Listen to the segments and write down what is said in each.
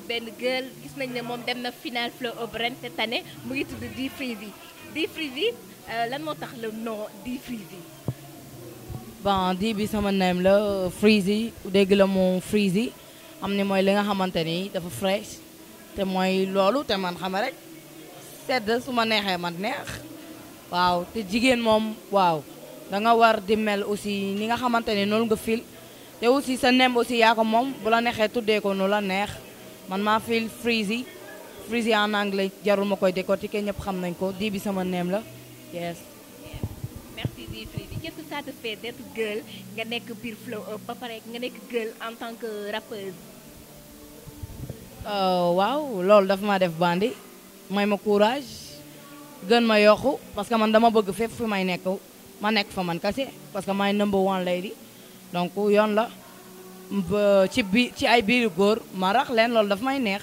benn girl gis nañ ne moom dem na final fleur au brin cette année mu ngi tudd Dee Freezy Dee Freezy euh, lan moo tax la nom Dee Freezy bon Dee bi sama neem la Freezy dégg la moom Freezy am ni mooy li nga xamante ni dafa fresh te mooy loolu te man xama rek sedd su ma neexee man neex waaw te jigéen moom waaw da war di mel aussi nga xamante ni noonu nga fil te aussi sa nem aussi yaa ko moom bu la neexee tuddee ko nu la neex man maa yi Freezy yi en anglais jarul ma koy décortiquer ñëpp xam nañ ko di bi sama neem la yes. nga nekk biir euh, ba pare nga nekk girl en tant que rappeuse. Euh, waaw loolu dafa ma def bandi may ma courage gën ma yokku parce que man dama bëgg fépp fi may nekk ma nekk fa man kase parce que maay number one lady donc yoon la. ci bi ci ay biiru góor ma rax leen loolu dafa may neex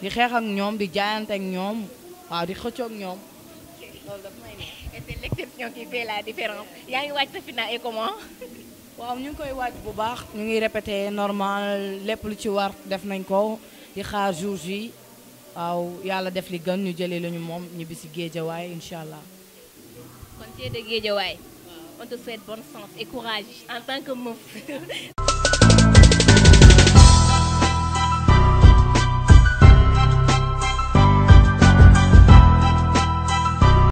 di xeex ak ñoom di jaayante ak ñoom waaw di xëccook ñoom la différence yaa ngi waaj sa final et comment. waaw ñu ngi koy waaj bu baax ñu ngi répété normal lépp lu ci war def nañ ko di xaar jour yi waaw yàlla def li gën ñu jëlee lañu moom ñibbi si géejawaay incha allah. kon de géejawaay. en tant que meuf.